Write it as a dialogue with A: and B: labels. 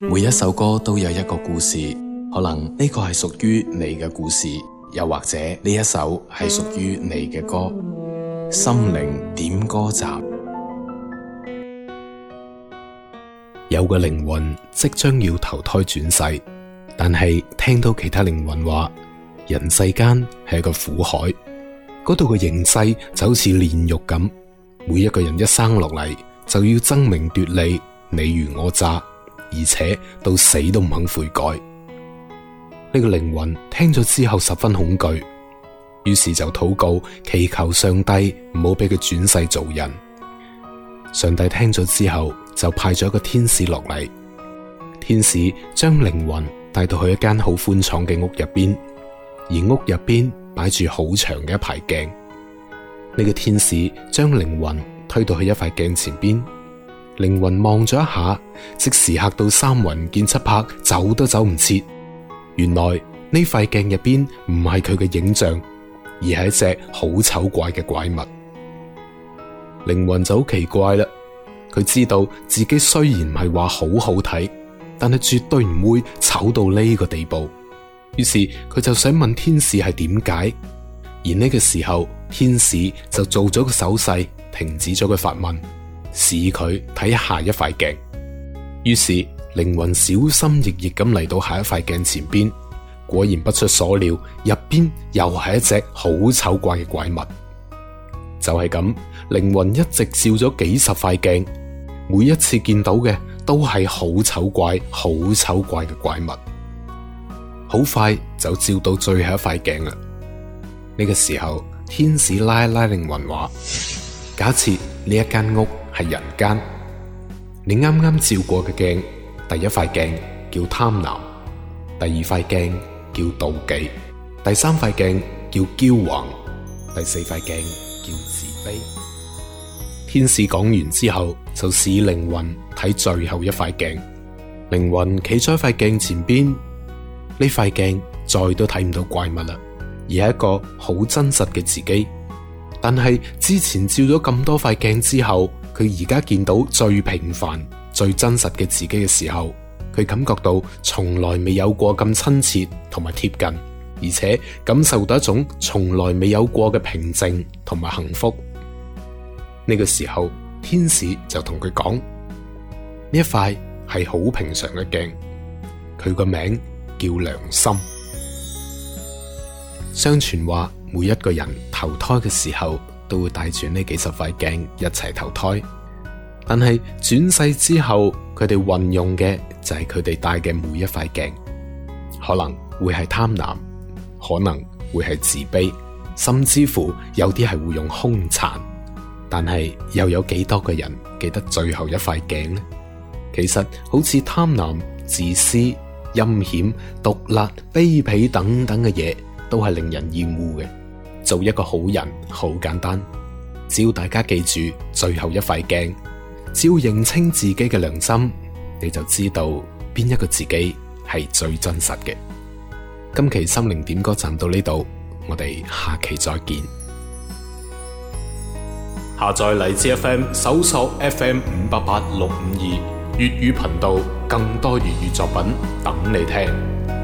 A: 每一首歌都有一個故事，可能呢個係屬於你嘅故事，又或者呢一首係屬於你嘅歌。心靈點歌集。有個靈魂即將要投胎轉世，但係聽到其他靈魂話，人世間係一個苦海，嗰度嘅形勢就好似煉獄咁，每一個人一生落嚟就要爭名奪利，爾虞我詐。而且到死都唔肯悔改，呢個靈魂聽咗之後十分恐懼，於是就禱告祈求上帝唔好俾佢轉世做人。上帝聽咗之後就派咗一個天使落嚟，天使將靈魂帶到去一間好寬敞嘅屋入邊，而屋入邊擺住好長嘅一排鏡。呢個天使將靈魂推到去一塊鏡前邊。靈魂望咗一下，即時吓到三魂見七魄，走都走唔切。原來呢塊鏡入邊唔係佢嘅影像，而係一隻好醜怪嘅怪物。靈魂就好奇怪嘞，佢知道自己雖然唔係話好好睇，但係絕對唔會醜到呢個地步。於是佢就想問天使係點解，而呢個時候，天使就做咗個手勢，停止咗佢發問。使佢睇下一塊鏡，於是靈魂小心翼翼咁嚟到下一塊鏡前邊，果然不出所料，入邊又係一隻好醜怪嘅怪物。就係咁，靈魂一直照咗幾十塊鏡，每一次見到嘅都係好醜怪、好醜怪嘅怪物。好快就照到最後一塊鏡啦。呢個時候，天使拉拉靈魂話：假設呢一間屋。係人間，你啱啱照過嘅鏡，第一塊鏡叫貪婪，第二塊鏡叫妒忌，第三塊鏡叫驕橫，第四塊鏡叫自卑。天使講完之後，就使靈魂睇最後一塊鏡。靈魂企喺塊鏡前邊，呢塊鏡再都睇唔到怪物啦，而係一個好真實嘅自己。但係之前照咗咁多塊鏡之後。佢而家見到最平凡、最真實嘅自己嘅時候，佢感覺到從來未有過咁親切同埋貼近，而且感受到一種從來未有過嘅平靜同埋幸福。呢個時候，天使就同佢講：呢一塊係好平常嘅鏡，佢個名叫良心。相傳話，每一個人投胎嘅時候。都會帶住呢幾十塊鏡一齊投胎，但係轉世之後，佢哋運用嘅就係佢哋帶嘅每一塊鏡，可能會係貪婪，可能會係自卑，甚至乎有啲係會用兇殘。但係又有幾多個人記得最後一塊鏡呢？其實好似貪婪、自私、陰險、毒辣、卑鄙等等嘅嘢，都係令人厭惡嘅。做一個好人好簡單，只要大家記住最後一塊鏡，只要認清自己嘅良心，你就知道邊一個自己係最真實嘅。今期心靈點歌站到呢度，我哋下期再見。下載荔枝 FM，搜索 FM 五八八六五二粵語頻道，更多粵語作品等你聽。